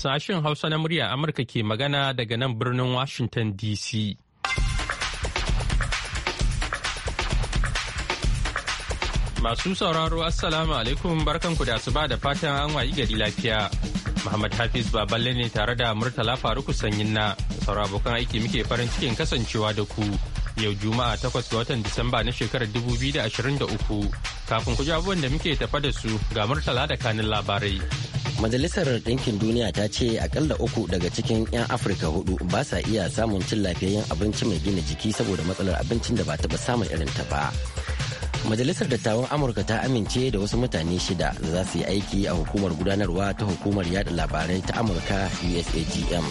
Sashen Hausa na murya Amurka ke magana daga nan birnin Washington DC. Masu sauraro Assalamu alaikum barkanku da asuba da fatan an wayi gari lafiya. Muhammad Hafiz Baballe ne tare da Murtala Faruku Sanyin na abokan aiki muke farin cikin kasancewa da ku. yau juma'a takwas ga watan disamba na shekarar da 2023 kafin ku ji abubuwan da muke tafa da su ga murtala da kanin labarai majalisar ɗinkin duniya ta ce akalla uku daga cikin 'yan afirka hudu ba sa iya samun cin lafiyayyen abinci mai gina jiki saboda matsalar abincin da ba taɓa samun irin ta ba majalisar dattawan amurka ta amince da wasu mutane shida za su yi aiki a hukumar gudanarwa ta hukumar yada labarai ta amurka usagm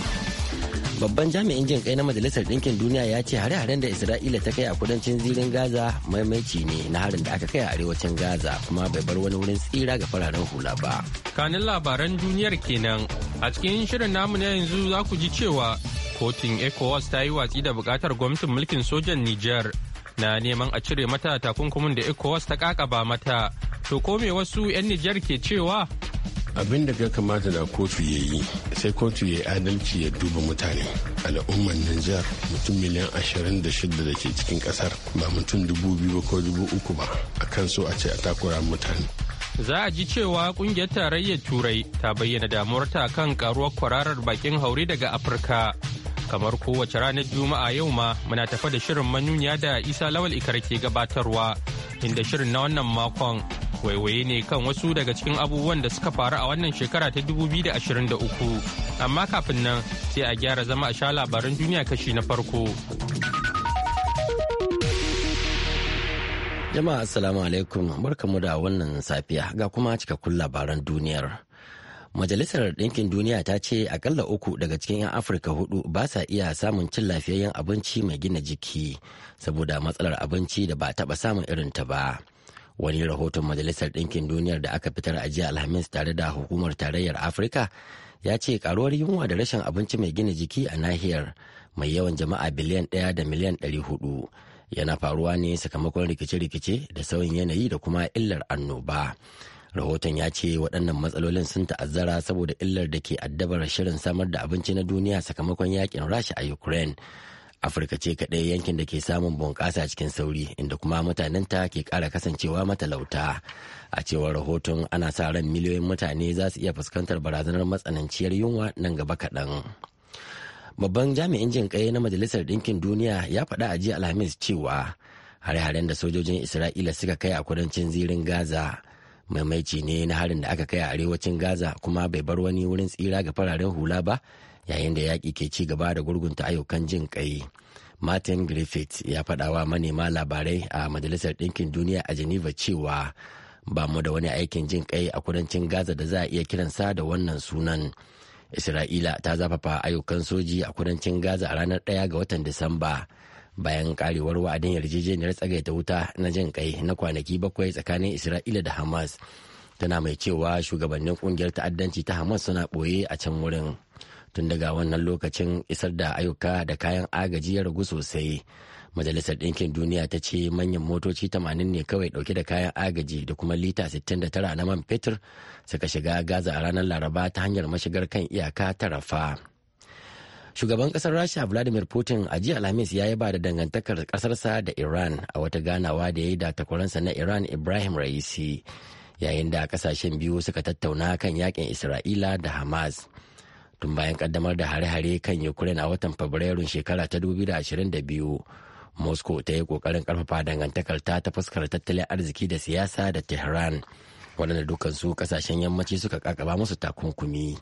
babban jami'in jin kai na majalisar ɗinkin duniya ya ce hare-haren da isra'ila ta kai a kudancin zirin gaza maimaici ne na harin da aka kai a arewacin gaza kuma bai bar wani wurin tsira ga fararen hula ba kanin labaran duniyar kenan a cikin shirin namu na yanzu za ku ji cewa kotun ecowas ta yi watsi da buƙatar gwamnatin mulkin sojan nijar na neman a cire mata takunkumin da ecowas ta kakaba mata to ko me wasu 'yan nijar ke cewa abin da ya kamata da kotu ya yi sai kotu ya yi adalci ya duba mutane al'ummar Niger mutum miliyan ashirin da shida da ke cikin kasar ba mutum dubu biyu ko dubu uku ba a kan so a ce a takura mutane. Za a ji cewa kungiyar tarayyar Turai ta bayyana damuwar ta kan karuwar kwararar bakin hauri daga Afirka. Kamar kowace ranar Juma'a yau ma muna tafa da shirin manuniya da Isa Lawal Ikar ke gabatarwa inda shirin na wannan makon waiwaye ne kan wasu daga cikin abubuwan da suka faru a wannan shekara ta 2023 amma kafin nan sai a gyara zama a sha labaran duniya kashi na farko jama'a assalamu alaikum barkamu da wannan safiya ga kuma cikakkun labaran duniyar majalisar ɗinkin duniya ta ce akalla uku daga cikin 'yan afirka hudu ba sa iya samun cin lafiyayyen abinci mai gina jiki saboda matsalar abinci da ba taɓa samun irinta ba. wani rahoton majalisar ɗinkin duniyar da aka fitar a jiya alhamis tare da hukumar tarayyar afirka ya ce karuwar yunwa da rashin abinci mai gina jiki a nahiyar mai yawan jama'a biliyan ɗaya da miliyan ɗari hudu yana faruwa ne sakamakon rikice-rikice da sauyin yanayi da kuma illar annoba rahoton ya ce waɗannan matsalolin sun ta'azzara saboda illar da ke addabar shirin samar da abinci na duniya sakamakon yakin rasha a ukraine afirka ce kaɗai yankin da ke samun bunƙasa cikin sauri inda kuma mutanenta ke ƙara kasancewa matalauta a cewar rahoton ana sa ran miliyoyin mutane za su iya fuskantar barazanar matsananciyar yunwa nan gaba kaɗan babban jami'in jin ƙai na majalisar ɗinkin duniya ya faɗa a jiya alhamis cewa hare-haren da sojojin isra'ila suka kai a kudancin zirin gaza maimaici ne na harin da aka kai a arewacin gaza kuma bai bar wani wurin tsira ga fararen hula ba yayin da yaƙi ke ci gaba da gurgunta ayyukan jin ƙai martin griffith ya faɗawa manema labarai a majalisar ɗinkin duniya a geneva cewa ba mu da wani aikin jin ƙai a kudancin gaza da za a iya kiransa da wannan sunan isra'ila ta zafafa ayyukan soji a kudancin gaza a ranar ɗaya ga watan disamba bayan karewar wa'adin yarjejeniyar tsagaita wuta na jin kai na kwanaki bakwai tsakanin isra'ila da hamas tana mai cewa shugabannin kungiyar ta'addanci ta hamas suna ɓoye a can wurin tun daga wannan lokacin isar da ayyuka da kayan agaji ya ragu sosai majalisar ɗinkin duniya ta ce manyan motoci 80 ne kawai ɗauke da kayan agaji da kuma lita 69 na man fetur suka shiga gaza a ranar laraba ta hanyar mashigar kan iyaka ta rafa shugaban kasar rasha vladimir putin a jiya alhamis ya yi ba da dangantakar kasarsa da iran a wata ganawa da ya yi da takwaransa na iran ibrahim raisi yayin da kasashen biyu suka tattauna kan yakin isra'ila da hamas tun bayan kaddamar da hare-hare kan ukraine a watan fabrairun shekara ta 2022 moscow ta yi kokarin karfafa dangantakar ta fuskar tattalin arziki da siyasa da tehran waɗanda dukansu kasashen yammaci suka kakaba musu takunkumi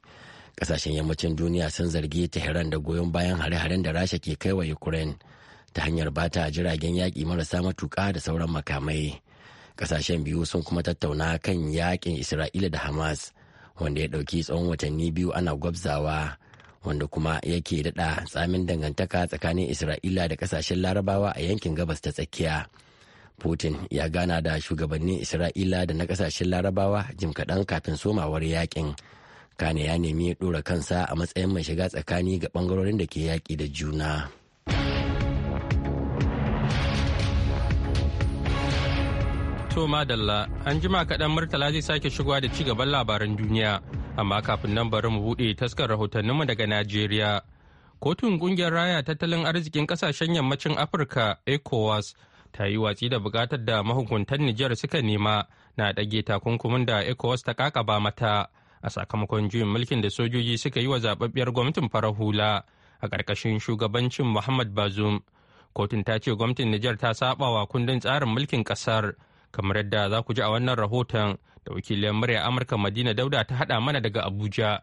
kasashen yammacin duniya sun zargi tehran da goyon bayan hare-haren da rasha ke kai wa ukraine ta hanyar bata jiragen yaƙi marasa matuƙa da sauran makamai kasashen biyu sun kuma tattauna kan yaƙin isra'ila da hamas wanda ya ɗauki tsawon watanni biyu ana gwabzawa wanda kuma yake daɗa tsamin dangantaka tsakanin isra'ila da ƙasashen larabawa a yankin gabas ta tsakiya putin ya gana da shugabannin isra'ila da na ƙasashen larabawa jim kaɗan kafin somawar yakin kane ya nemi ya ɗora kansa a matsayin mai shiga tsakani ga ɓangarorin da ke yaƙi da juna. To madalla an jima kaɗan Murtala zai sake shigowa da ci gaban labaran duniya amma kafin nan bari mu buɗe taskar rahotanninmu daga Najeriya. Kotun ƙungiyar raya tattalin arzikin ƙasashen yammacin Afirka ECOWAS ta yi watsi da buƙatar da mahukuntan Nijar suka nema na dage takunkumin da ECOWAS ta ba mata a sakamakon juyin mulkin da sojoji suka yi wa zababbiyar gwamnatin farar hula a ƙarƙashin shugabancin Muhammad bazum Kotun ta ce gwamnatin Nijar ta saba wa kundin tsarin mulkin ƙasar kamar yadda za ku ji a wannan rahoton da wakilin murya amurka madina dauda ta haɗa mana daga abuja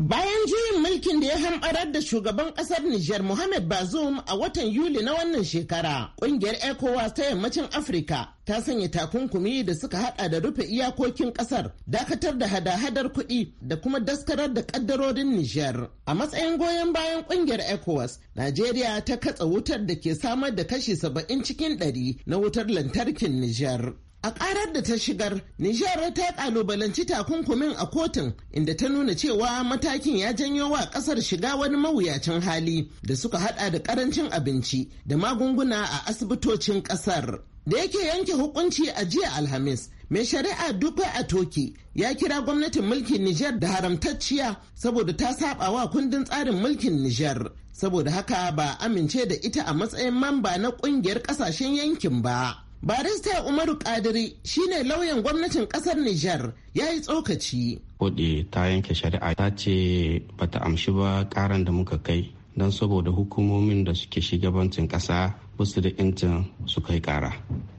Bayan juyin mulkin da ya hamɓarar da shugaban ƙasar Nijar Mohamed Bazoum a watan Yuli na wannan shekara, ƙungiyar ECOWAS ta yammacin Afirka ta sanya takunkumi da suka hada da rufe iyakokin ƙasar, dakatar da hada-hadar kuɗi da kuma daskarar da ƙaddarorin Nijar. A matsayin goyon bayan ƙungiyar ECOWAS, Najeriya ta katsa wutar da ke samar da kashi saba'in cikin ɗari na wutar lantarkin Nijar. A karar da ta shigar, Nijar ta kalubalanci takunkumin a kotun inda ta nuna cewa matakin ya janyo wa kasar shiga wani mawuyacin hali da suka hada da karancin abinci da magunguna a asibitocin kasar. Da yake yanke hukunci a jiya Alhamis, mai shari'a Dupe Atoki ya kira gwamnatin mulkin Nijar da haramtacciya saboda ta saba wa kundin tsarin mulkin Nijar. Saboda haka ba amince da ita a matsayin mamba na kungiyar kasashen yankin ba. barista umaru kadiri shine lauyan gwamnatin kasar nijar ya yi tsokaci kode ta yanke shari'a ta ce bata amshi ba karan da muka kai don saboda hukumomin da suke shugabancin kasa wasu da incin su kai kara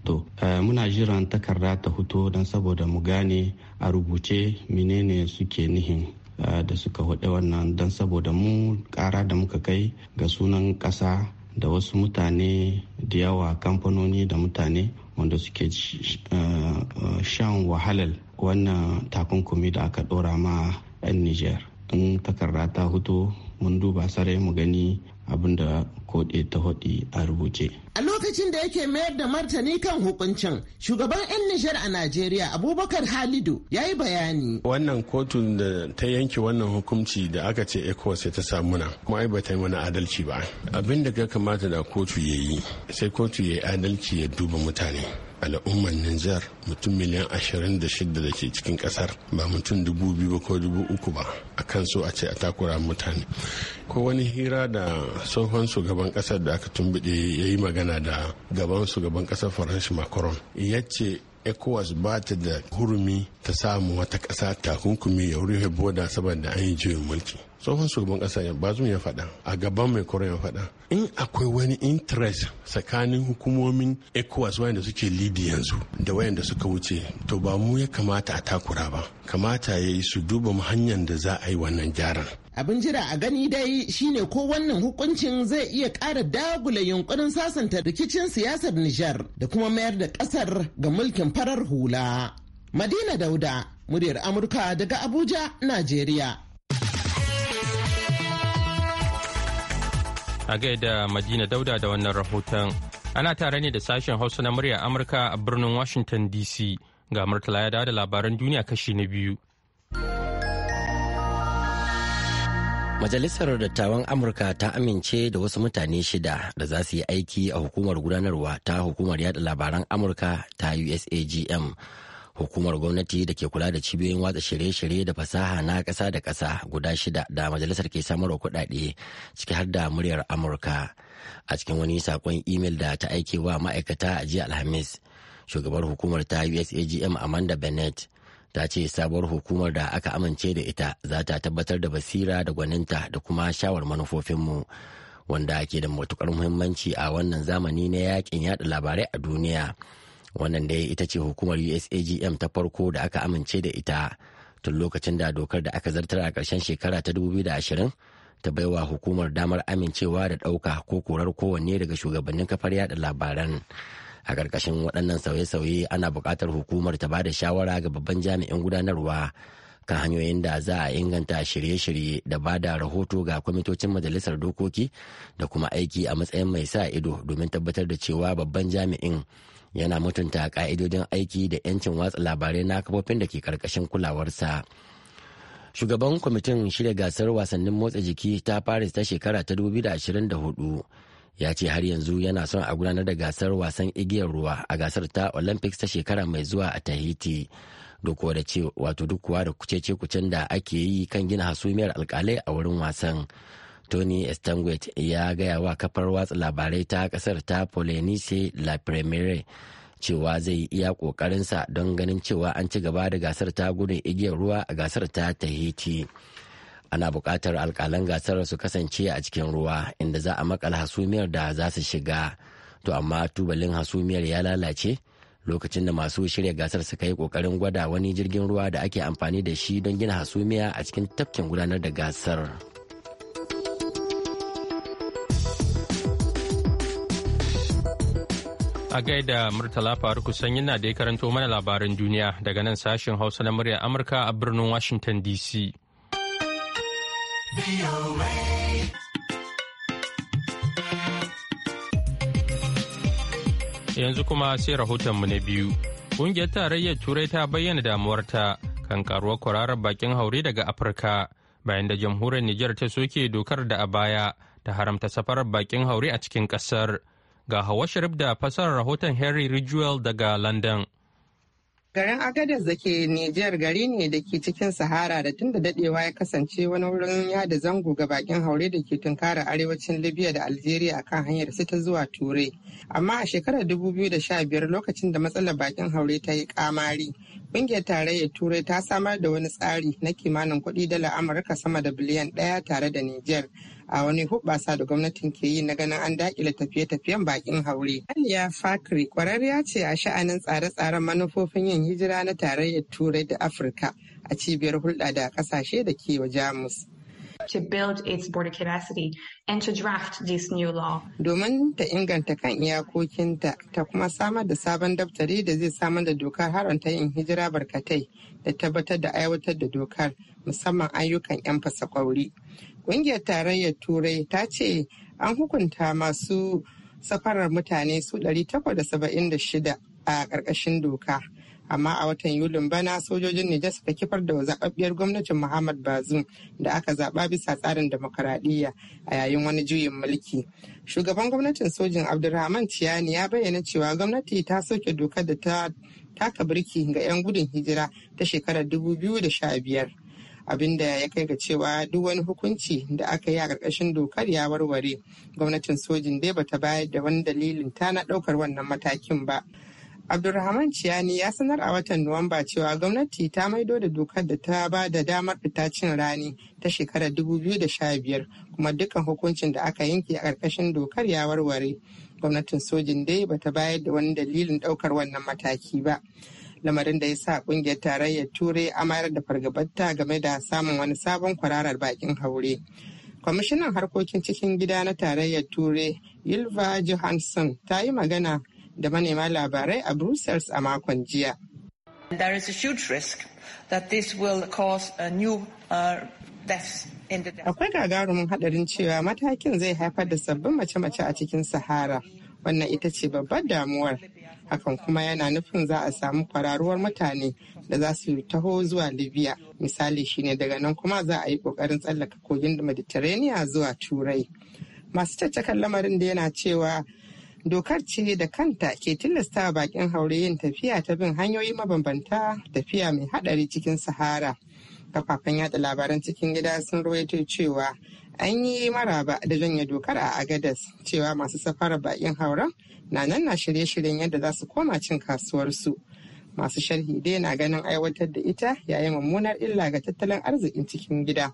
to eh, muna jiran takarda ta hutu don saboda mu gane a rubuce menene suke nihin eh, da suka hudu wannan don saboda mu kara da muka kai ga sunan kasa da wasu mutane da yawa kamfanoni da mutane wanda suke eh, eh, shan wahalar wannan takunkumi da aka dora ma 'yan niger in takarda ta hutu mun duba sarai mu gani abin da koɗe ta hoɗi a rubuce. A lokacin da yake mayar da martani kan hukuncin, shugaban 'yan Nijar a Najeriya Abubakar Halidu ya yi bayani. Wannan kotun da ta yanke wannan hukunci da aka ce ECOWAS ta samu na kuma ai ba ta yi mana adalci ba. Abin da ya kamata da kotu ya yi, sai kotu ya yi adalci ya duba mutane. al'ummar Nijar mutum miliyan ashirin da shida ke cikin kasar ba mutum dubu biyu ko dubu uku ba a kan so a ce a takura mutane ko wani hira da tsohon su shugaban kasar da aka tumbide ya yi magana da gaban shugaban kasar faransa macron ya ce ecowas ba ta da hurumi ta samu wata ƙasa takunkumi ya rufe boda saboda an yi juyin mulki tsohon shugaban ƙasa bazum ya faɗa a gaban mai koren ya faɗa in akwai wani interest tsakanin hukumomin ecowas wayanda suke lidi yanzu da wayanda suka wuce to ba mu ya kamata a takura ba kamata ya yi su duba hanyar da za a yi wannan gyaran abin jira a gani dai shine ko wannan hukuncin zai iya ƙara dagula yunkurin sasanta rikicin siyasar nijar da kuma mayar da ƙasar ga mulkin farar hula madina dauda muryar amurka daga abuja najeriya a gaida madina dauda da wannan rahoton ana tare ne da sashen hausa na murya amurka a birnin washington dc ga murtala ya dawo da labaran duniya kashi na biyu Majalisar Dattawan Amurka ta amince da wasu mutane shida da za su yi aiki a hukumar gudanarwa ta hukumar yada labaran Amurka ta USAGM. Hukumar gwamnati da ke kula da cibiyoyin watsa shirye-shirye da fasaha na ƙasa da ƙasa guda shida da majalisar ke samarwa kuɗaɗe ciki har da muryar Amurka. A cikin wani saƙon imel da ta aike wa ma'aikata a jiya Alhamis, shugabar hukumar ta USAGM Amanda Bennett ta ce sabuwar hukumar da aka amince da ita za ta tabbatar da basira da gwaninta da kuma shawar manufofinmu wanda ke da matukar muhimmanci a wannan zamani na yakin yada labarai a duniya wannan dai ita ce hukumar usagm ta farko da aka amince da ita tun lokacin da dokar da aka zartar a karshen shekara ta 2020 ta baiwa hukumar damar amincewa da ɗauka ko korar kowanne daga shugabannin kafar yada labaran. a ƙarƙashin waɗannan sauye-sauye ana buƙatar hukumar ta ba da shawara ga babban jami'in gudanarwa kan hanyoyin da za a inganta shirye-shirye da ba da rahoto ga kwamitocin majalisar dokoki da kuma aiki a matsayin mai sa ido domin tabbatar da cewa babban jami'in yana mutunta ka'idodin aiki da 'yancin watsa labarai na kafofin da ke karkashin kulawarsa. Shugaban kwamitin shirya gasar wasannin motsa jiki ta Paris ta shekara ta 2024 ya ce har yanzu yana son a gudanar da gasar wasan igiyar ruwa a gasar ta olympics ta shekara mai zuwa a tahiti duk da ce wato duk da kucece kucen da ake yi kan gina hasumiyar alkalai a wurin wasan tony estanguet ya gaya wa kafar watsa labarai ta kasar ta polynesia la premiere cewa zai iya kokarinsa don ganin cewa an ci gaba da gasar ta gudun igiyar ruwa a gasar ta tahiti ana buƙatar alƙalan gasar su kasance a cikin ruwa inda za a makala hasumiyar da za su shiga to amma tubalin hasumiyar ya lalace lokacin da masu shirya gasar suka yi ƙoƙarin gwada wani jirgin ruwa da ake amfani da shi don gina hasumiya a cikin tafkin gudanar da gasar. A gaida Murtala Faruku sanyi na da ya karanto mana labarin duniya daga nan sashen Hausa na murya Amurka a birnin Washington DC. Yanzu kuma sai rahotonmu na biyu. Ƙungiyar Tarayyar Turai ta bayyana damuwarta kan karuwar kwararar bakin haure daga Afirka bayan da jamhuriyar Nijar ta soke dokar da a baya ta haramta safarar bakin haure a cikin ƙasar. Ga Hawa Sharif da fasarar rahoton Henry Ridgewell daga London. Garin Agadez da ke Nijar gari ne da ke cikin Sahara da tun da dadewa ya kasance wani wurin yada zango ga bakin haure da ke tunkara arewacin Libya da Algeria a kan hanyar su ta zuwa Turai. Amma a shekarar 2015 lokacin da matsalar bakin haure ta yi kamari, ƙungiyar tarayyar Turai ta samar da wani tsari na kimanin kuɗi dala Amurka sama da biliyan ɗaya tare da Nijar. a wani hubbasa da gwamnatin ke yi na ganin an dakile tafiye-tafiyen bakin haure. Aliya Fakri kwararriya ce a sha'anin tsare-tsaren manufofin yin hijira na tarayyar Turai da Afirka a cibiyar hulɗa da ƙasashe da ke wa Jamus. to build its border capacity and to draft this new law. Domin ta inganta kan iyakokinta ta kuma samar da sabon daftari da zai samar da dokar haranta yin hijira barkatai da tabbatar da aiwatar da dokar musamman ayyukan 'yan fasa kwauri. Ƙungiyar tarayyar Turai ta ce an hukunta masu safarar mutane su 876 a ƙarƙashin doka. amma a watan yulin bana sojojin Nijar suka kifar da zaɓaɓɓiyar gwamnatin Muhammad Bazoum da aka zaɓa bisa tsarin demokaradiyya a yayin wani juyin mulki. Shugaban gwamnatin sojin Abdulrahman Tiyani ya bayyana cewa gwamnati ta soke dokar da ta taka birki ga 'yan gudun hijira ta shekarar 2015. abinda ya kai ga cewa duk wani hukunci da aka yi a ƙarƙashin dokar ya warware gwamnatin sojin dai bata bayar da wani dalilin ta na ɗaukar wannan matakin ba abdulrahman ciyani ya sanar a watan nuwamba cewa gwamnati ta maido da dokar da ta ba da damar fita cin rani ta shekarar 2015 kuma dukkan hukuncin da aka yanke a ƙarƙashin dokar ya warware gwamnatin sojin dai bata bayar da wani dalilin ɗaukar wannan mataki ba lamarin da ya sa kungiyar tarayyar turai a mayar da fargabarta game da samun wani sabon kwararar bakin haure kwamishinan harkokin cikin gida na tarayyar turai yilva johansson ta yi magana da manema labarai a brussels a makon jiya uh, Akwai gagarumin hadarin cewa matakin zai haifar da sabbin mace-mace a cikin Sahara. Wannan ita ce babbar damuwar. hakan kuma yana nufin za a samu kwararuwar mutane da za su taho zuwa libya misali shine daga nan kuma za a yi kokarin tsallaka kogin mediterranean zuwa turai masu caccakan lamarin da yana cewa dokar ce da kanta ke tilasta bakin haure yin tafiya ta bin hanyoyi mabambanta tafiya mai hadari cikin sahara kafafen yada labaran cikin gida sun rawaito cewa an yi maraba da janye dokar a agadas cewa masu safarar bakin hauren na nan na shirye-shiryen yadda za su koma cin kasuwarsu. Masu sharhi dai na ganin aiwatar da ita yayin mummunar illa ga tattalin arzikin cikin gida.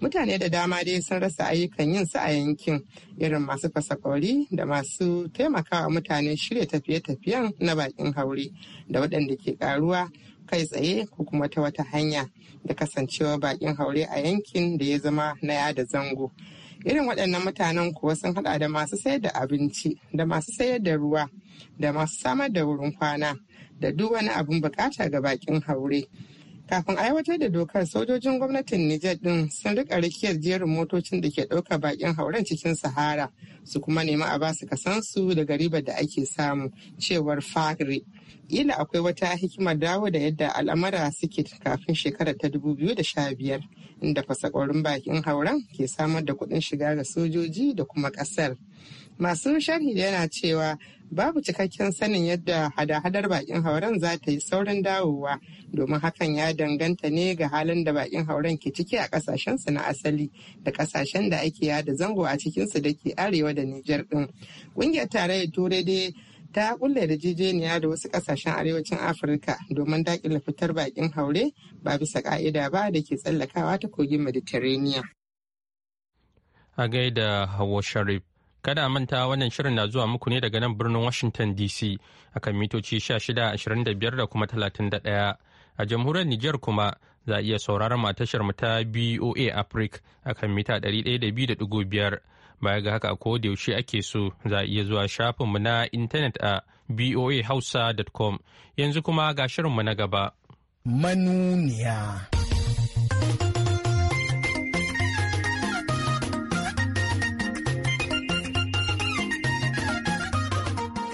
Mutane da dama dai sun rasa ayyukan yin su a yankin irin masu fasakori da masu taimakawa mutane shirya tafiye-tafiyen na bakin haure da waɗanda ke karuwa kai tsaye ko kuma ta wata hanya da kasancewa bakin haure a yankin da ya zama na yada zango. irin waɗannan mutanen kuwa sun hada da masu sayar da abinci da masu sayar da ruwa da masu samar da wurin kwana da duk wani abin bukata ga bakin haure Kafin aiwatar da dokar sojojin gwamnatin Nijar din sun rika rikiyar jerin motocin da ke ɗaukar bakin hauren cikin Sahara su kuma nema a basu kasansu daga ribar da ake samu cewar Fagri. Ila akwai wata hikimar dawo da yadda al'amara suke kafin shekarar ta dubu biyu da sha biyar, inda fasakwarin bakin hauren ke samar da kuɗin shiga ga sojoji da kuma ƙasar. Masu sharhi yana cewa babu cikakken sanin yadda hada-hadar bakin hauren za ta yi saurin dawowa domin hakan ya danganta ne ga halin da bakin hauren ke ciki a kasashensu na asali da kasashen da ake da zango a cikinsu da ke arewa da Nijar din. Ƙungiyar tarayyar Turai dai ta kulle yarjejeniya da wasu kasashen arewacin afirka domin dakile fitar bakin haure ba bisa ka'ida ba da ke tsallakawa ta kogin mediterranean a gaida hawa sharif Kada manta wannan shirin na zuwa muku ne daga nan birnin Washington DC a kan mitoci 1625 da kuma 31. A jamhuriyar Nijar kuma za a iya sauraron tashar mu ta BOA Africa a kan mita 102.5. Baya ga haka ko da yaushe ake so za a iya zuwa shafinmu na intanet a boahausa.com. Yanzu kuma ga shirinmu na gaba. Manuniya.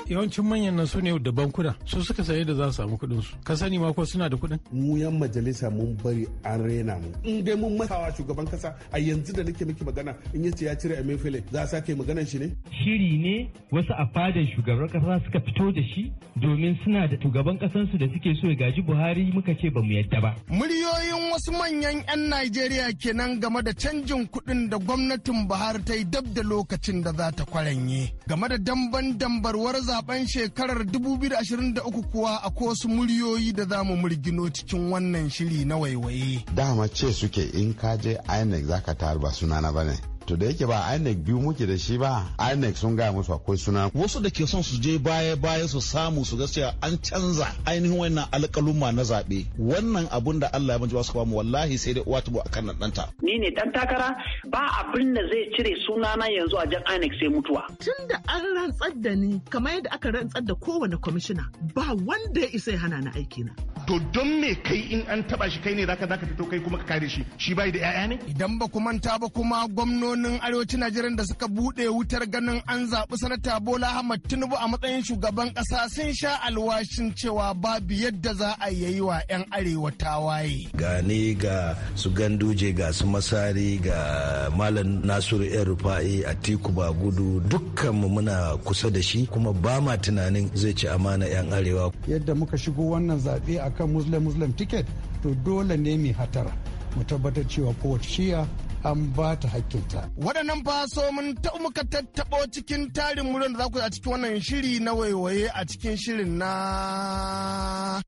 yawancin manyan nan su ne da bankuna su suka saye da za su samu kuɗin su ka sani ma ko suna da kuɗin mu yan majalisa mun bari an rena mu in dai mun matawa shugaban kasa a yanzu da nake miki magana in yace ya cire Emefiele za a sake maganar shi ne shiri ne wasu a fadar shugaban kasa suka fito da shi domin suna da shugaban kasan su da suke so ya gaji Buhari muka ce ba mu yadda ba muryoyin wasu manyan 'yan Najeriya kenan game da canjin kuɗin da gwamnatin Buhari ta yi dab da lokacin da za ta kwaranye game da damban dambarwar za zaben shekarar 2023 kuwa a wasu muryoyi da za mu murgino cikin wannan shiri na waiwaye. Dama ce suke in ka je INEC zaka taru ba sunana ba ne. to da yake ba inec biyu muke da shi ba inec sun gaya musu akwai suna wasu da ke son su je baya baya su samu su gaskiya an canza ainihin wannan alƙaluma na zaɓe wannan abun da Allah ya su ba mu wallahi sai dai uwa tubo akan nan ɗanta. ni ne ɗan takara ba abin da zai cire sunana yanzu a jan inec sai mutuwa. tun da an rantsar da ni kamar yadda aka rantsar da kowane kwamishina ba wanda ya isa ya hana ni aiki na. to don me kai in an taba shi kai ne zaka zaka fito kai kuma ka kare shi shi bai da 'ya'ya ne. idan ba ku manta ba kuma gwamnoni gwamnonin arewacin Najeriya da suka buɗe wutar ganin an zaɓi sanata Bola Ahmad Tinubu a matsayin shugaban ƙasa sun sha alwashin cewa babu yadda za a yayi wa 'yan arewa tawaye. Gane ga su ganduje ga su masari ga Malam Nasiru yan rufa'i a tiku ba gudu dukkanmu muna kusa da shi kuma ba ma tunanin zai ci amana 'yan arewa. Yadda muka shigo wannan zaɓe akan Muslim Muslim ticket to dole ne mai hatara. mu tabbatar cewa kowace shiya an ba ta hakkinta. Waɗannan faso mun ta muka tattaɓo cikin tarin murin da za ku a cikin wannan shiri na waiwaye a cikin shirin na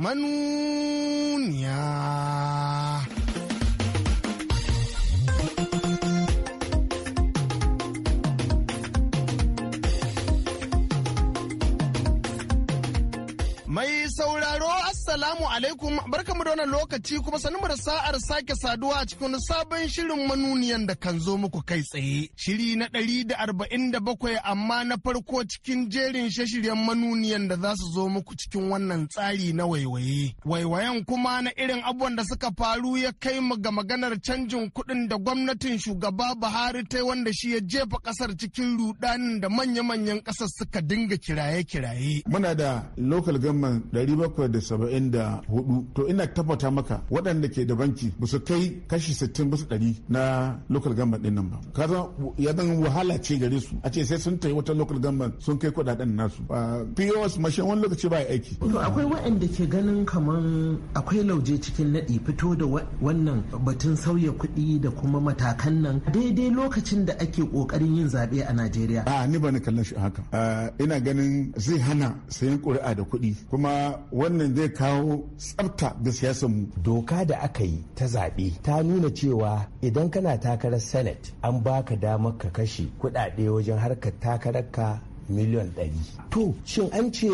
manuniya. alaikum barkamu da wannan lokaci kuma sanin da sa'ar sake saduwa a cikin sabon shirin manuniyan da kan zo muku kai tsaye. Shiri na ɗari da arba'in da bakwai amma na farko cikin jerin shashiryan manuniyan da za su zo muku cikin wannan tsari na waiwaye. Waiwayen kuma na irin abubuwan da suka faru ya kai mu ga maganar canjin kuɗin da gwamnatin shugaba Buhari ta wanda shi ya jefa ƙasar cikin rudanin da manya-manyan ƙasar suka dinga kiraye-kiraye. Muna da local government da. hudu to ina tabbata maka waɗanda ke da banki ba su kai kashi sittin su ɗari na local government ɗin nan ba kaza ya zan wahala ce gare su a ce sai sun tayi wata local government sun kai kuɗaɗen nasu pos mashin wani lokaci ba aiki to akwai waɗanda ke ganin kamar akwai lauje cikin naɗi fito da wannan batun sauya kuɗi da kuma matakan nan daidai lokacin da ake ƙoƙarin yin zaɓe a najeriya a ni ba ni kallon shi haka ina ganin zai hana sayan kuri'a da kuɗi kuma wannan zai kawo tsabta da siyasar doka da aka yi ta zaɓe ta nuna cewa idan kana takarar senate an baka damar ka kashe kuɗaɗe wajen harkar takarar ka miliyan ɗari. To, shin an ce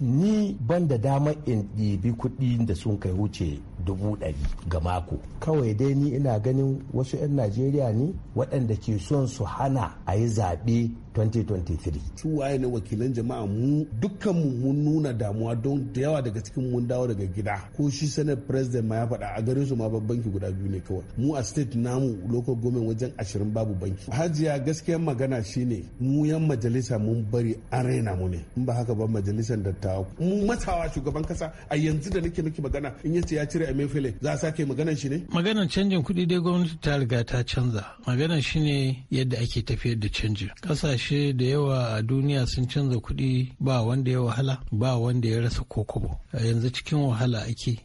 ni ban da damar in ɗibi kuɗi da sun kai wuce dubu ɗari ga mako. Kawai dai ni ina ganin wasu 'yan Najeriya ne waɗanda ke son su hana a yi zaɓe 2023 su ne wakilan jama'a mu dukkan mu mun nuna damuwa don da yawa daga cikin mun dawo daga gida ko shi senate president ma ya faɗa a garin su ma banki guda biyu ne kawai mu a state namu local government wajen ashirin babu banki hajiya gaskiya magana shine mu yan majalisa mun bari an raina mu ne in ba haka ba majalisar dattawa mu matsawa shugaban kasa a yanzu da nake miki magana in yace ya cire amefele za a sake maganar shi ne maganar canjin kuɗi dai gwamnati ta riga ta canza maganar shine yadda ake tafiyar da canji kasashe kasashe da yawa a duniya sun canza kuɗi ba wanda ya wahala ba wanda ya rasa kokobo yanzu cikin wahala ake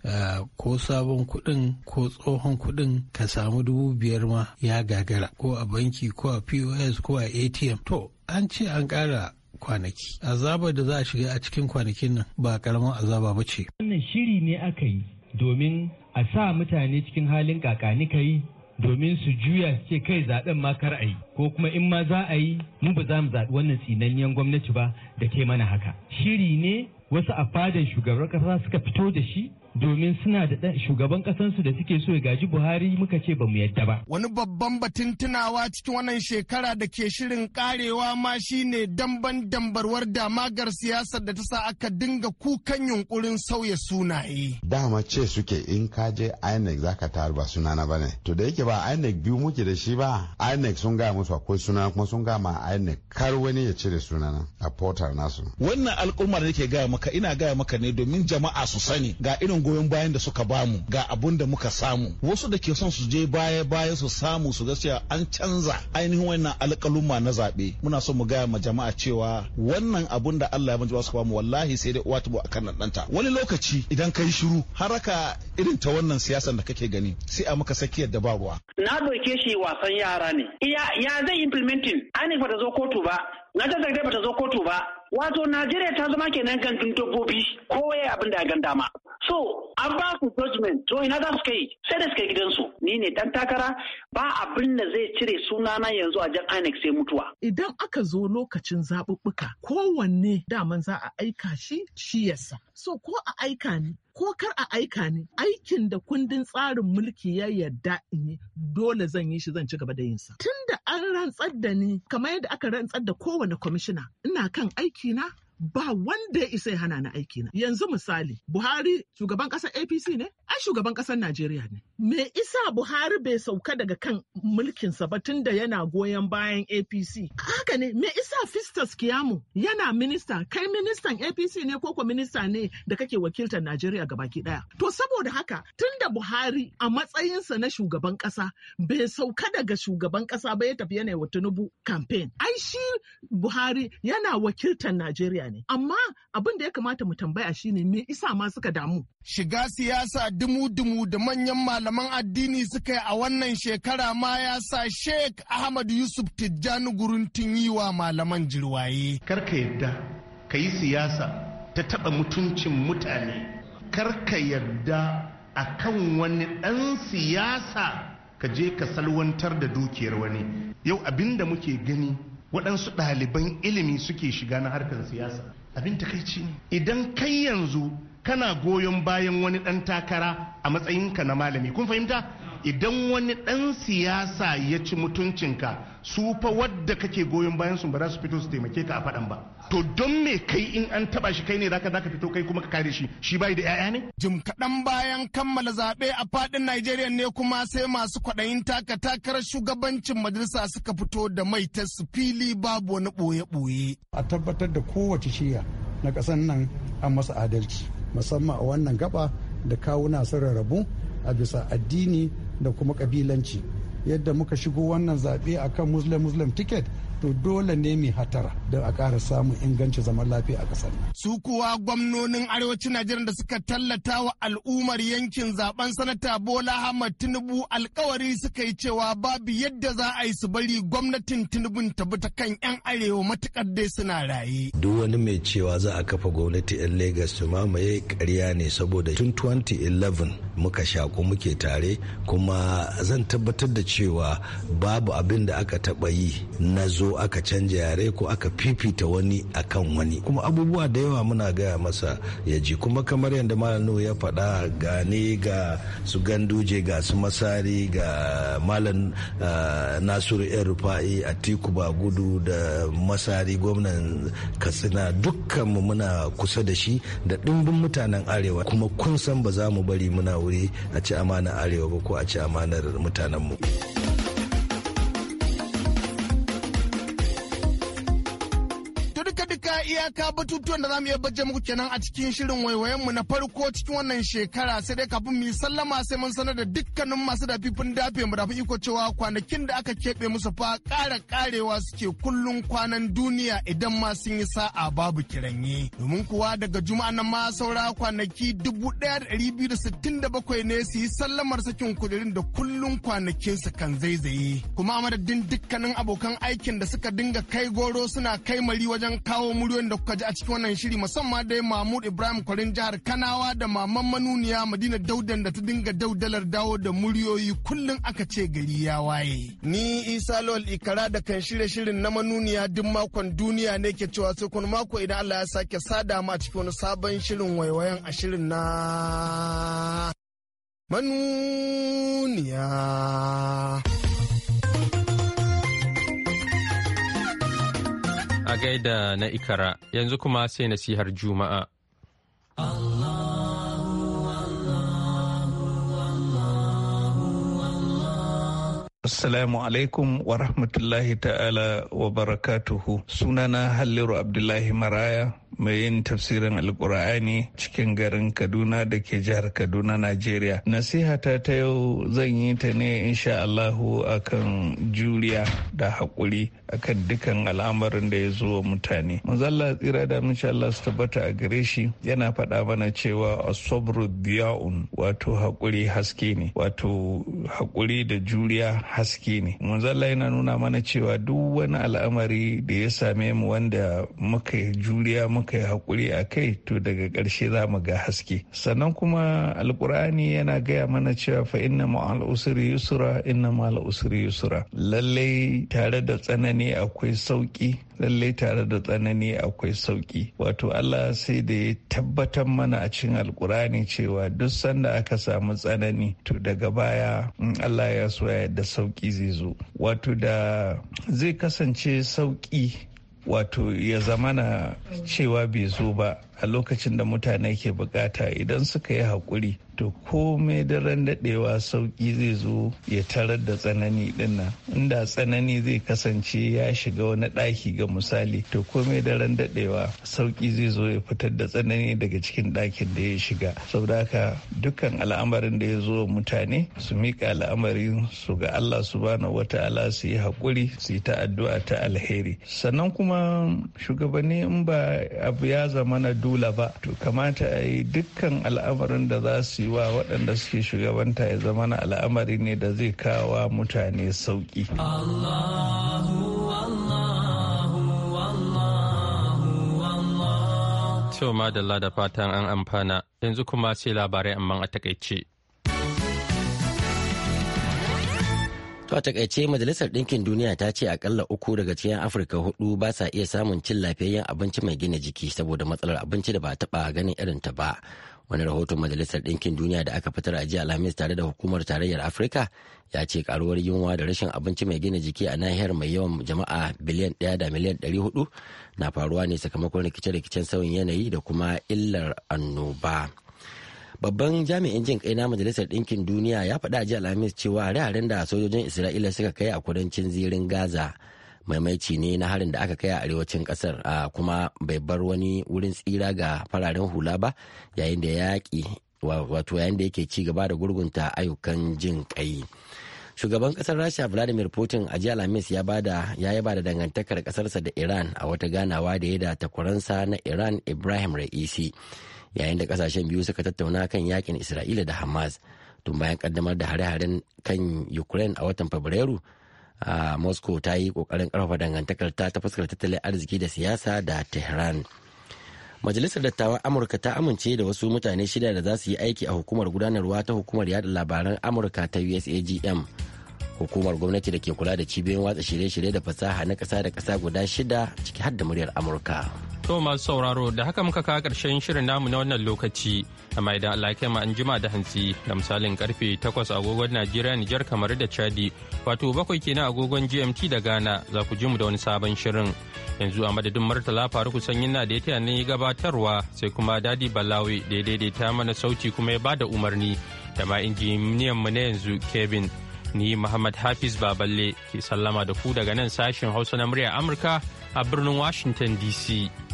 ko sabon kuɗin ko tsohon kuɗin ka samu dubu biyar ma ya gagara ko a banki ko a pos ko a atm to an ce an ƙara kwanaki azabar da za a shiga a cikin kwanakin nan ba karamin azaba ba ce wannan shiri ne aka yi domin a sa mutane cikin halin kakani kai domin su juya su ce kai zaɓen ma kar a yi ko kuma in ma za a yi mu ba za mu zaɓi wannan tsinanniyan gwamnati ba da ke mana haka shiri ne wasu a fadan shugaban kasa suka fito da shi domin suna da shugaban kasansu da suke so ya gaji buhari muka ce ba mu yadda ba wani babban batun tunawa cikin wannan shekara da ke shirin karewa ma shine damban dambarwar damagar siyasar da ta sa aka dinga kukan yunkurin sauya sunaye dama ce suke in ka je inec zaka tar ba sunana ba ne to da yake ba inec biyu muke da shi ba inec sun gaya musu akwai suna kuma sun gaya ma inec kar wani ya cire sunana a portal nasu wannan al'ummar da ke gaya maka ina gaya maka ne domin jama'a su sani ga irin goyon bayan da suka bamu ga abun da muka samu wasu da ke son su je baya baya su samu su gaskiya an canza ainihin wannan alƙaluma na zabe muna so mu gaya ma jama'a cewa wannan abun da Allah ya manji wasu bamu wallahi sai dai uwa tubo akan nan ɗanta wani lokaci idan kai shiru haraka irin ta wannan siyasan da kake gani sai a maka sakiyar da ba ruwa na doke shi wasan yara ne iya ya zai implementing ani ba zo kotu ba na ta ba ta zo kotu ba wato najeriya ta zama kenan kan dabbobi kowa ya abin da ya gan dama an ba su judgment to ina za su kai sai da suka yi gidansu ni ne dan takara ba abin da zai cire sunana yanzu a jan INEC sai mutuwa idan aka zo lokacin zaɓuɓɓuka kowanne daman za a aika shi shi yasa so ko a aika ne ko kar a aika ne aikin da kundin tsarin mulki ya yarda in dole zan yi shi zan ci gaba da yin sa tunda an rantsar da ni kamar yadda aka rantsar da kowane kwamishina ina kan aiki na ba wanda ya isa ya hana na aiki na yanzu misali Buhari shugaban ƙasar APC ne ai shugaban ƙasar Najeriya ne me isa Buhari bai sauka daga kan mulkinsa ba tunda yana goyon bayan APC haka ne me isa Fistas Kiyamu yana minista kai ministan APC ne ko minista ne da kake wakiltar Najeriya ga baki ɗaya? to saboda haka tunda Buhari a matsayinsa na shugaban ƙasa bai sauka daga shugaban ƙasa ba ya tafi yana wa Tinubu campaign ai shi Buhari yana wakiltar Najeriya ne. Amma abin da ya kamata mu tambaya shine me isa ma suka damu. Shiga siyasa dumu-dumu da manyan malaman addini suka yi a wannan shekara ma ya sa Sheikh Ahmad Yusuf Tijjani tun yi wa malaman jirwaye. Kar ka yadda ka yi siyasa ta taɓa mutuncin mutane. Kar ka yadda a kan wani ɗan siyasa ka je ka salwantar da dukiyar wani. Yau abin da muke gani waɗansu ɗaliban ilimi suke shiga na harkar siyasa abin takaici ne idan kai yanzu kana goyon bayan wani ɗan takara a matsayinka na malami kun fahimta idan wani ɗan siyasa ya ci mutuncinka su fa wadda kake goyon bayan su ba za su fito su taimake ka a faɗan ba to don me kai in an taba shi kai ne zaka zaka fito kai kuma ka kare shi shi bai da yaya ne jim kaɗan bayan kammala zaɓe a faɗin Najeriya ne kuma sai masu kwaɗayin taka takarar shugabancin majalisa suka fito da ta su fili babu wani ɓoye-ɓoye a tabbatar da kowace shiya na ƙasar nan an masa adalci musamman a wannan gaba da kawuna sun rarrabu a bisa addini da kuma kabilanci. yadda muka shigo wannan zaɓe akan muslim muslim ticket to dole ne mai hatara da a ƙara samun inganci zaman lafiya a ƙasar nan. Su kuwa gwamnonin arewacin Najeriya da suka tallata wa al'ummar yankin zaben sanata Bola Ahmad Tinubu alkawari suka yi cewa babu yadda za a yi su bari gwamnatin Tinubu ta bi ta kan 'yan arewa matukar dai suna raye. Duk wani mai cewa za a kafa gwamnati 'yan Legas su mamaye ƙarya ne saboda tun 2011 muka shaku muke tare kuma zan tabbatar da cewa babu abin da aka taɓa yi na zo ko aka canja yare ko aka fifita wani akan wani kuma abubuwa da yawa muna gaya masa ya ji kuma kamar yadda malam nuhu ya faɗa gane ga su ganduje ga su masari ga malam ah, nasiru yan rufa'i atiku ba gudu da masari gwamnan katsina dukkanmu muna kusa da shi da ɗimbin mutanen arewa kuma kun san ba za mu bari muna wuri a ci amanar arewa ba ko a ci amanar mutanen mu iyaka batutuwan da za mu iya baje muku kenan a cikin shirin waiwayenmu na farko cikin wannan shekara sai dai kafin mu sallama sai mun sanar da dukkanin masu dafifin dafe mu dafi iko cewa kwanakin da aka keɓe musu fa ƙara ƙarewa suke kullum kwanan duniya idan ma sun yi sa'a babu kiranye. Domin kuwa daga juma'a nan ma saura kwanaki dubu ɗaya da ɗari biyu da sittin da bakwai ne su yi sallamar sakin kudirin da kullum su kan zaizaye. Kuma a madadin dukkanin abokan aikin da suka dinga kai goro suna kai mari wajen kawo muryoyin da kuka ji a cikin wannan shiri musamman dai Mahmud Ibrahim Kwarin jihar Kanawa da maman manuniya Madina Daudan da ta dinga daudalar dawo da muryoyi kullum aka ce gari ya waye. Ni Isa Lawal Ikara da kan shirye shirin na manuniya duk makon duniya ne ke cewa sai kun mako idan Allah ya sake sada mu a cikin wani sabon shirin waiwayen a shirin na manuniya. A gaida na Ikara yanzu kuma sai nasihar Juma'a. Assalamu alaikum wa rahmatullahi ta'ala wa barakatuhu. Sunana Halliru Abdullahi Maraya. mai yin tafsirin alkur'ani cikin garin kaduna da ke jihar kaduna najeriya nasihata ta yau zan yi ta ne insha allahu akan juriya da haƙuri akan dukan al'amarin da ya zo wa mutane mazalla tsira da insha allah su tabbata a gare shi yana faɗa mana cewa asabru diya'un wato haƙuri haske ne wato haƙuri da juriya haske ne mazalla yana nuna mana cewa duk wani al'amari da ya same mu wanda muka yi juriya muka kai hakuri haƙuri a kai to daga ƙarshe za mu ga haske sannan kuma alkur'ani yana gaya mana cewa fa inna ma'al usri yusra inna ma'al usri yusra lallai tare da tsanani akwai sauki lallai tare da tsanani akwai sauki wato Allah sai da ya tabbatar mana a cikin alkurani cewa duk sanda aka samu tsanani to daga baya in Allah ya so ya da sauki zai zo wato da zai kasance sauki wato ya zamana cewa bai zo ba a lokacin da mutane ke bukata idan suka yi haƙuri to komai daren daɗewa sauƙi zai zo ya tarar da tsanani dinnan inda tsanani zai kasance ya shiga wani ɗaki ga misali to komai daren daɗewa sauƙi zai zo ya fitar da tsanani daga cikin ɗakin da ya shiga saboda haka dukkan al'amarin da ya zo mutane su miƙa al'amarin su ga Allah subhanahu wata'ala su yi haƙuri su yi ta addu'a ta alheri sannan kuma shugabanni in ba abu ya zama na dole ba to kamata a yi dukkan al'amarin da za su yi wa waɗanda suke shugabanta ya zama na al'amari ne da zai kawo mutane sauƙi. To madalla da fatan an amfana yanzu kuma sai labarai amma a takaice. To a takaice Majalisar Ɗinkin Duniya ta ce akalla uku daga cikin Afirka hudu ba sa iya samun cin lafiyayyen abinci mai gina jiki saboda matsalar abinci da ba taɓa ganin irin ta ba. Wani rahoton Majalisar Ɗinkin Duniya da aka fitar a jiya Alhamis tare da hukumar tarayyar Afirka ya ce karuwar yunwa da rashin abinci mai gina jiki a nahiyar mai yawan jama'a biliyan ɗaya da miliyan ɗari hudu na faruwa ne sakamakon rikice-rikicen sauyin yanayi da kuma illar annoba. babban jami'in jin kai na majalisar ɗinkin duniya ya faɗa ji alhamis cewa hare da sojojin isra'ila suka kai a kudancin zirin gaza maimaici ne na harin da aka kai a arewacin kasar a kuma bai bar wani wurin tsira ga fararen hula ba yayin da yaƙi wato yayin da yake ci gaba da gurgunta ayyukan jin kai shugaban kasar rasha vladimir putin a jiya alhamis ya bada ya yaba da dangantakar kasarsa da iran a wata ganawa da ya da takwaransa na iran ibrahim ra'isi yayin da kasashen biyu suka tattauna kan yakin isra'ila da hamas tun bayan kaddamar da hare-haren kan ukraine a watan fabrairu a moscow ta yi kokarin karfafa dangantakar ta ta fuskar tattalin arziki da siyasa da tehran majalisar dattawan amurka ta amince da wasu mutane shida da za su yi aiki a hukumar gudanarwa ta hukumar yada labaran amurka ta usagm hukumar gwamnati da ke kula da cibiyoyin watsa shirye-shirye da fasaha na ƙasa da kasa guda shida ciki har da muryar amurka To masu sauraro da haka muka kawo karshen shirin namu na wannan lokaci, amma idan Allah ya an jima da hantsi da misalin karfe 8 agogon Najeriya Nijar kamar da Chadi, wato bakwai kenan agogon GMT da Ghana za ku ji mu da wani sabon shirin. Yanzu a madadin Murtala Faruku Sanyin na da ya ne gabatarwa sai kuma Dadi Balawi da ya daidaita mana sauti kuma ya bada umarni da ma injiniyan mu na yanzu Kevin. Ni Muhammad Hafiz Baballe ke sallama da ku daga nan sashen Hausa na murya Amurka a birnin Washington DC.